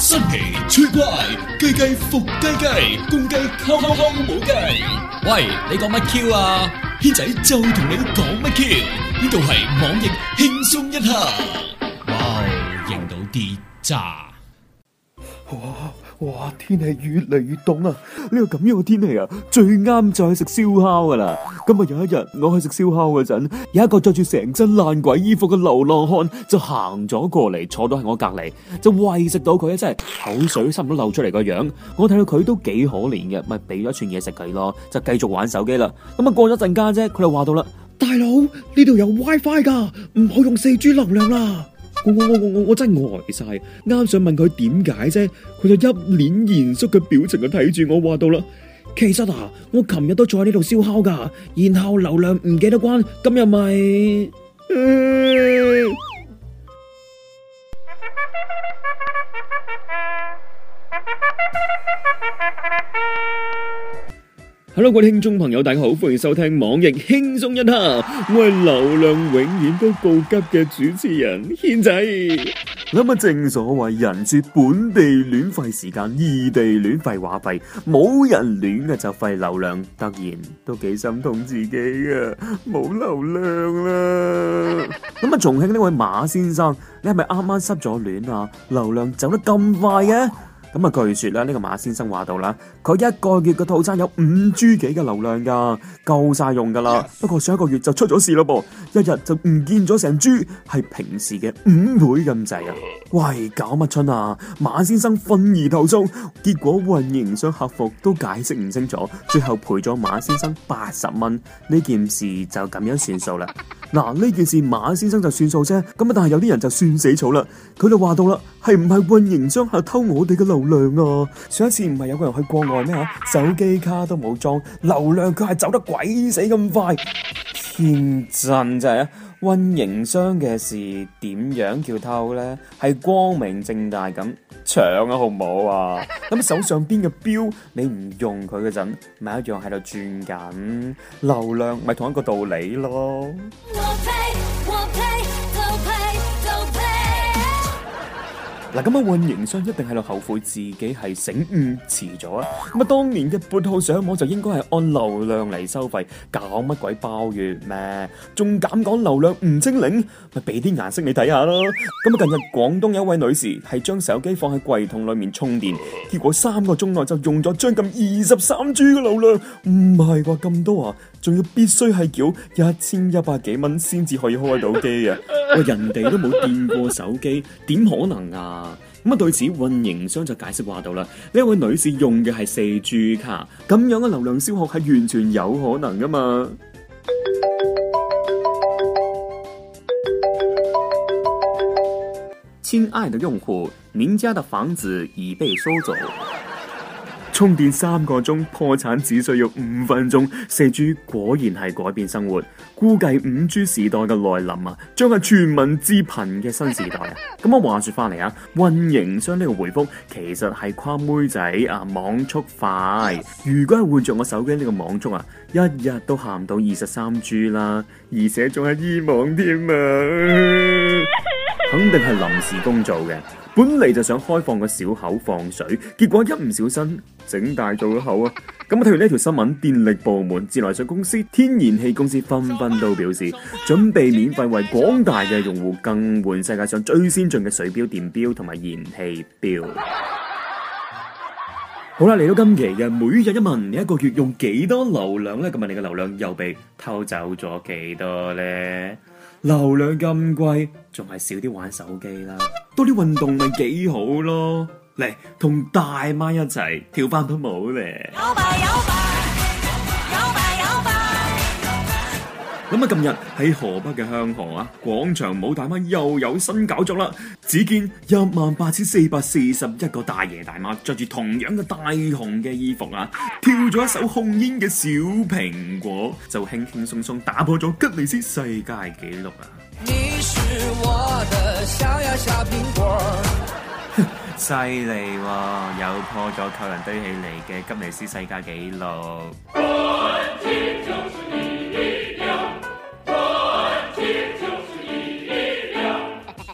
新奇趣怪，雞雞伏雞雞，公雞敲敲敲冇雞。喂，你講乜 Q 啊？軒仔就同你講乜 Q？呢度係網易輕鬆一刻。哇、wow，認到啲渣。pause polls 哇，天氣越嚟越凍啊！呢、這個咁樣嘅天氣啊，最啱就係食燒烤噶啦。今日有一日，我去食燒烤嗰陣，有一個着住成身爛鬼衣服嘅流浪漢就行咗過嚟，坐到喺我隔籬，就喂食到佢，即係口水差唔多漏出嚟個樣。我睇到佢都幾可憐嘅，咪俾咗串嘢食佢咯，就繼續玩手機啦。咁啊過咗陣間啫，佢就話到啦，大佬呢度有 WiFi 噶，唔好用四 G 流量啦。我我我我我真係呆晒，啱想問佢點解啫，佢就一臉嚴肅嘅表情就睇住我話到啦。其實啊，我琴日都坐喺呢度燒烤噶，然後流量唔記得關，今日咪、就是。呃 Hello，各位聽眾朋友，大家好，歡迎收聽網易輕鬆一刻，我係流量永遠都告急嘅主持人軒仔。咁啊，正所謂人住本地戀費時間，異地戀費話費，冇人戀嘅就費流量，突然都幾心痛自己噶，冇流量啦。咁啊，重慶呢位馬先生，你係咪啱啱失咗戀啊？流量走得咁快嘅？咁啊！據說咧，呢、這個馬先生話到啦，佢一個月嘅套餐有五 G 幾嘅流量噶，夠晒用噶啦。不過上一個月就出咗事咯噃，一日就唔見咗成 G，係平時嘅五倍咁滯啊！喂，搞乜春啊？馬先生憤而投訴，結果運營商客服都解釋唔清楚，最後賠咗馬先生八十蚊。呢件事就咁樣算數啦。嗱、啊，呢件事馬先生就算數啫。咁啊，但係有啲人就算死草啦。佢就話到啦，係唔係運營商係偷我哋嘅流量？流量啊，上一次唔係有個人去國外咩吓，手機卡都冇裝，流量佢係走得鬼死咁快，天真就係啊，運營商嘅事點樣叫偷咧？係光明正大咁搶啊，好唔好啊？咁手上邊嘅表你唔用佢嘅陣，咪一樣喺度轉緊，流量咪同一個道理咯。我呸我呸。嗱，咁啊，運營商一定喺度後悔自己係醒悟遲咗啊！咁啊，當年嘅撥號上網就應該係按流量嚟收費，搞乜鬼包月咩？仲敢講流量唔清零？咪俾啲顏色你睇下咯！咁近日廣東有一位女士係將手機放喺櫃桶裏面充電，結果三個鐘內就用咗將近二十三 G 嘅流量，唔係喎，咁多啊！仲要必須係繳一千一百幾蚊先至可以開到機啊。喂，人哋都冇掂過手機，點可能啊？咁啊，對此運營商就解釋話到啦，呢位女士用嘅係四 G 卡，咁樣嘅流量消耗係完全有可能噶嘛。親愛的用戶，您家的房子已被收走。充電三個鐘，破產只需要五分鐘。四 G 果然係改變生活，估計五 G 時代嘅來臨啊，將係全民致貧嘅新時代啊！咁啊，話說翻嚟啊，運營商呢個回覆其實係誇妹仔啊，網速快。如果係換着我手機呢個網速啊，一日都行唔到二十三 G 啦，而且仲係 E 網添啊，肯定係臨時工做嘅，本嚟就想開放個小口放水，結果一唔小心。整大做一口啊！咁啊，睇完呢一條新聞，電力部門、自來水公司、天然氣公司紛紛都表示，準備免費為廣大嘅用戶更換世界上最先進嘅水表、電表同埋燃氣表。好啦，嚟到今期嘅每日一問，你一個月用幾多流量咧？今日你嘅流量又被偷走咗幾多咧？流量咁貴，仲係少啲玩手機啦，多啲運動咪幾好咯～嚟同大媽一齊跳翻波舞咧！有吧有吧有吧有吧有吧！咁啊，近日喺河北嘅香河啊，廣場舞大媽又有新搞作啦！只見一萬八千四百四十一個大爺大媽着住同樣嘅大紅嘅衣服啊，跳咗一首《紅纓嘅小蘋果》，就輕輕鬆鬆打破咗吉尼斯世界紀錄啊！犀利喎，又、啊、破咗扣人堆起嚟嘅吉尼斯世界紀錄。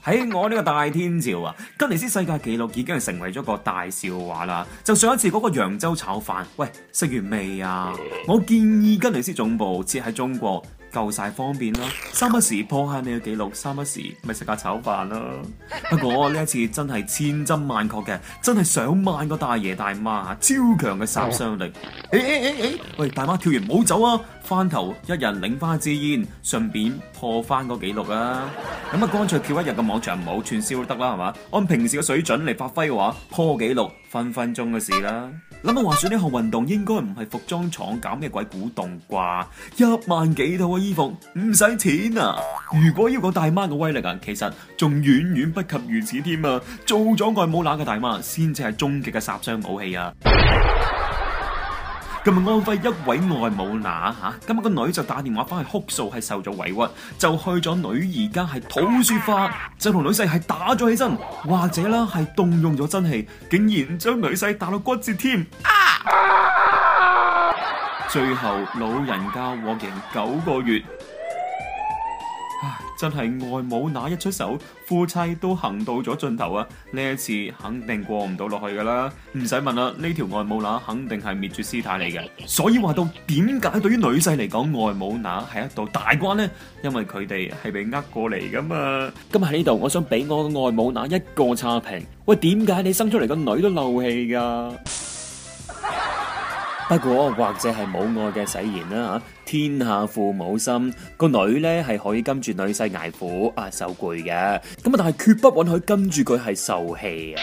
喺我呢個大天朝啊，吉尼斯世界紀錄已經係成為咗個大笑話啦。就上一次嗰個揚州炒飯，喂，食完未啊？我建議吉尼斯總部設喺中國。夠晒方便啦，三不時破下你嘅記錄，三不時咪食下炒飯啦。 不過呢一次真係千真萬確嘅，真係上萬個大爺大媽，超強嘅殺傷力。誒誒誒誒，喂，大媽跳完唔好走啊，翻頭一人領翻支煙，順便破翻個記錄啊。咁啊，乾脆跳一日個網場唔好串燒都得啦，係嘛？按平時嘅水準嚟發揮嘅話，破紀錄。分分鐘嘅事啦，諗下滑雪呢項運動應該唔係服裝廠搞咩鬼古董啩？一萬幾套嘅衣服唔使錢啊！如果要講大媽嘅威力啊，其實仲遠遠不及如此添啊！做咗外母乸嘅大媽先至係終極嘅殺傷武器啊！今日安徽一位外母乸嚇、啊，今日個女就打電話翻去哭訴係受咗委屈，就去咗女兒家係討說法，就同女婿係打咗起身，或者啦係動用咗真氣，竟然將女婿打到骨折添，啊！ 最後老人家獲刑九個月。真係外母乸一出手，夫妻都行到咗盡頭啊！呢一次肯定過唔到落去噶啦，唔使問啦，呢條外母乸肯定係滅絕師太嚟嘅。所以話到點解對於女婿，嚟講外母乸係一道大關呢？因為佢哋係被呃過嚟噶嘛。今日呢度，我想俾我嘅外母乸一個差評。喂，點解你生出嚟個女都漏氣噶？不過或者係母愛嘅使然啦吓，天下父母心，個女呢係可以跟住女婿捱苦啊受累嘅，咁啊但係絕不允許跟住佢係受氣啊！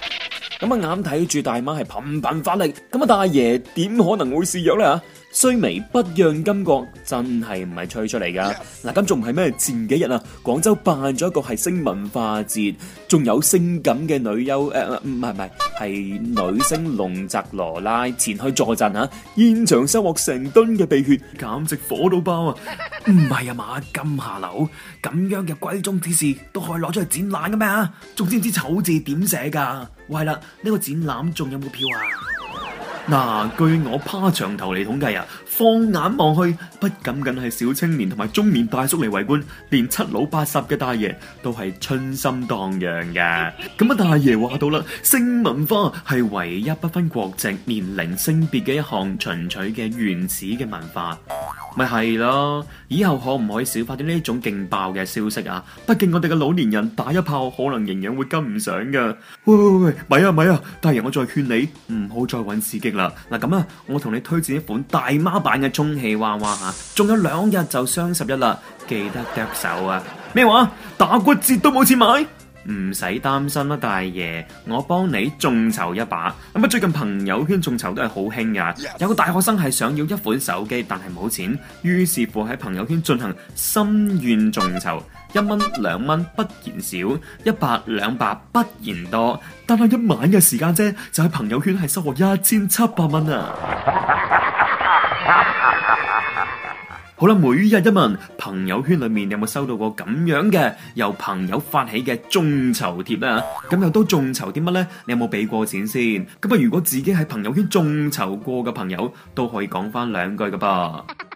咁啊眼睇住大媽係頻頻發力，咁啊大爺點可能會示弱咧吓？須眉不讓巾幗，真係唔係吹出嚟噶。嗱，咁仲唔係咩？前幾日啊，廣州辦咗一個係性文化節，仲有性感嘅女優誒，唔係唔係，係女星龍澤羅拉前去助陣吓，現場收穫成噸嘅鼻血，簡直火到爆啊！唔係啊嘛，咁下流咁樣嘅閨中之事都可以攞出去展覽嘅咩？仲知唔知醜字點寫噶？係啦，呢、哦這個展覽仲有冇票啊？嗱，據我趴牆頭嚟統計啊，放眼望去，不僅僅係小青年同埋中年大叔嚟圍觀，連七老八十嘅大爺都係春心蕩漾嘅。咁啊，大爺話到啦，性文化係唯一不分國籍、年齡、性別嘅一項純粹嘅原始嘅文化，咪係咯。以後可唔可以少發啲呢種勁爆嘅消息啊？畢竟我哋嘅老年人打一炮，可能營養會跟唔上噶。喂喂喂，咪啊咪啊，啊，大爺我再勸你，唔好再搵刺激。嗱，咁啊，我同你推薦一款大媽版嘅充氣娃娃吓，仲有兩日就雙十一啦，記得剁手啊！咩話打骨折都冇錢買？唔使擔心啦，大爺，我幫你眾籌一把。咁啊，最近朋友圈眾籌都係好興噶，有個大學生係想要一款手機，但係冇錢，於是乎喺朋友圈進行心願眾籌。一蚊兩蚊不嫌少，一百兩百不嫌多，但係一晚嘅時間啫，就喺朋友圈係收穫一千七百蚊啊！ 好啦，每日一問，朋友圈裏面有冇收到過咁樣嘅由朋友發起嘅眾籌貼呀？咁又都眾籌啲乜呢？你有冇俾過錢先？咁啊，如果自己喺朋友圈眾籌過嘅朋友都可以講翻兩句噶噃。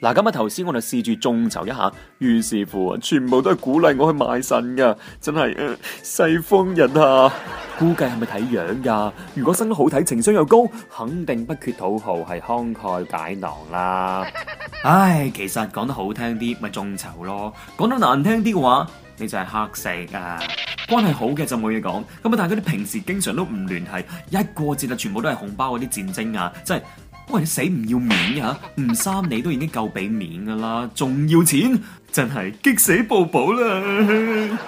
嗱，今日頭先我就試住眾籌一下，於是乎全部都係鼓勵我去賣腎噶，真係誒，世、呃、風日下啊，估計係咪睇樣噶？如果生得好睇，情商又高，肯定不缺土豪係慷慨解囊啦。唉，其實講得好聽啲咪眾籌咯，講得難聽啲嘅話，你就係黑食啊。關係好嘅就冇嘢講，咁啊，但係嗰啲平時經常都唔聯繫，一過節就全部都係紅包嗰啲戰爭啊，真係。喂，死唔要面嘅，啊、唔三，你都已經夠俾面噶啦，仲要錢，真係激死寶寶啦！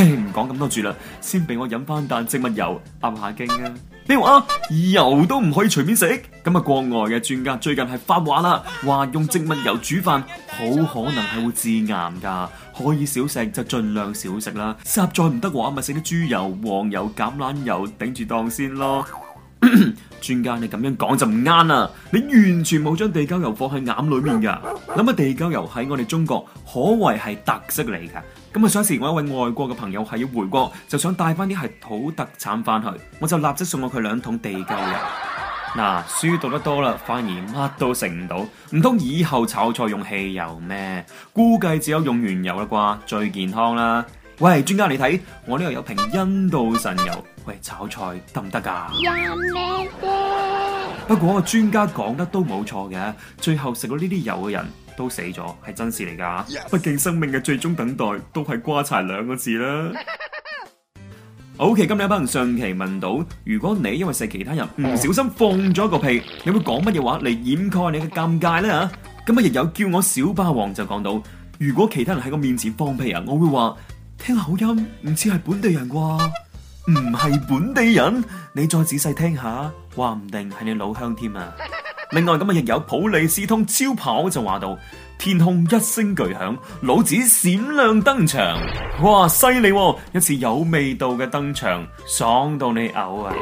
唔講咁多住啦，先俾我飲翻啖植物油壓下驚啊！你話啊，油都唔可以隨便食，咁啊國外嘅專家最近係發話啦，話用植物油煮飯好可能係會致癌噶，可以少食就盡量少食啦，實在唔得話咪食啲豬油、黃油、橄欖油頂住檔先咯。 專家，你咁樣講就唔啱啦！你完全冇將地溝油放喺眼裏面噶。諗下地溝油喺我哋中國可謂係特色嚟噶。咁啊，上次我一位外國嘅朋友係要回國，就想帶翻啲係土特產翻去，我就立即送咗佢兩桶地溝油。嗱、啊，書讀得多啦，反而乜都食唔到，唔通以後炒菜用汽油咩？估計只有用原油啦啩，最健康啦。喂，專家你睇，我呢度有瓶印度神油。喂，炒菜得唔得噶？可不，可不過專家講得都冇錯嘅，最後食咗呢啲油嘅人都死咗，係真事嚟噶。Yes. 畢竟生命嘅最終等待都係瓜柴兩個字啦。 ok，今日有班人上期問到，如果你因為食其他人唔小心放咗個屁，你會講乜嘢話嚟掩蓋你嘅尷尬咧？啊，今日又有叫我小霸王就講到，如果其他人喺我面前放屁啊，我會話聽口音唔似係本地人啩。 唔係本地人，你再仔細聽下，話唔定係你老鄉添啊！ 另外咁啊，亦有普利司通超跑就話到，天空一聲巨響，老子閃亮登場，哇，犀利啊，一次有味道嘅登場，爽到你嘔啊！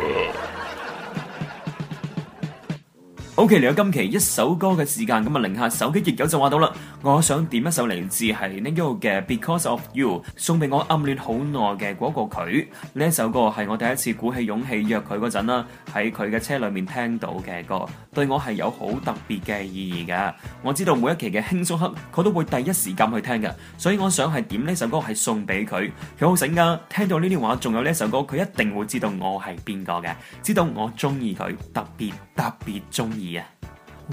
OK，嚟到今期一首歌嘅時間，咁、嗯、啊，擰下手機熱友就話到啦，我想點一首嚟自係 Ne-Yo 嘅《Because of You》，送俾我暗戀好耐嘅嗰個佢。呢一首歌係我第一次鼓起勇氣約佢嗰陣啦，喺佢嘅車裏面聽到嘅歌，對我係有好特別嘅意義嘅。我知道每一期嘅輕鬆刻，佢都會第一時間去聽嘅，所以我想係點呢首歌係送俾佢，佢好醒噶、啊，聽到呢啲話，仲有呢首歌，佢一定會知道我係邊個嘅，知道我中意佢，特別特別中意。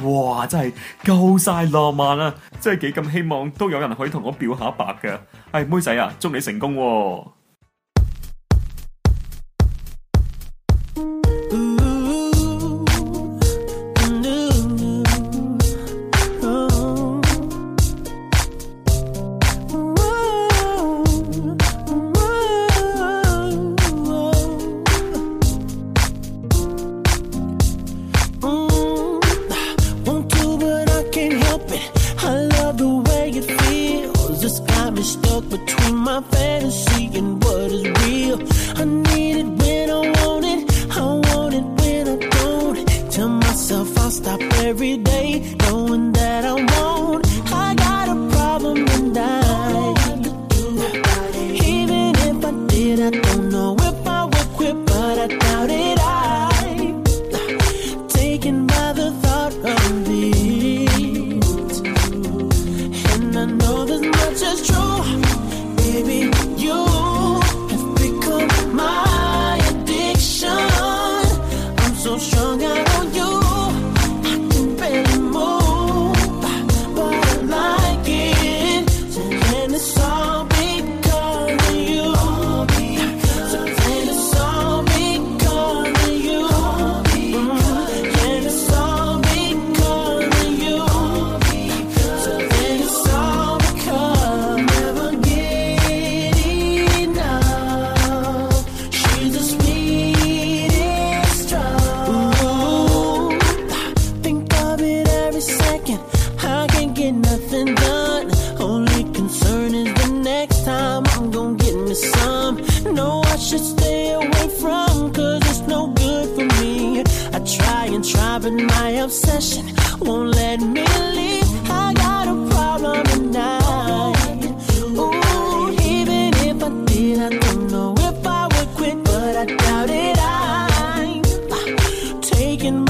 哇！真係夠晒浪漫啊，真係幾咁希望都有人可以同我表下白噶。唉，妹仔啊，祝你成功喎！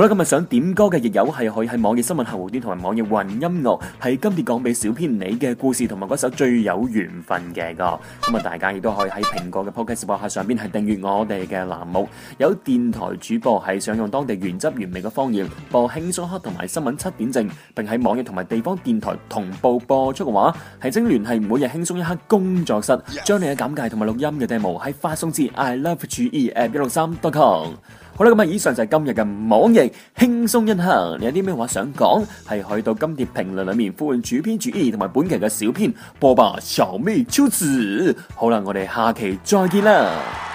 好啦，今日想點歌嘅益友係可以喺網頁新聞客戶端同埋網頁雲音樂，係今次講俾小編你嘅故事同埋嗰首最有緣分嘅歌。咁啊，大家亦都可以喺蘋果嘅 Podcast 播客上邊係訂閱我哋嘅欄目。有電台主播係想用當地原汁原味嘅方言播輕鬆一刻同埋新聞七點正，並喺網頁同埋地方電台同步播出嘅話，係請聯繫每日輕鬆一刻工作室，將你嘅簡介同埋錄音嘅 demo 喺發送至 iLoveChuEApp163.com。好啦，咁啊，以上就係今日嘅網易輕鬆一刻。你有啲咩話想講，係去到今次評論裏面呼喚主編注意，同埋本期嘅小編播報小妹超子。好啦，我哋下期再見啦。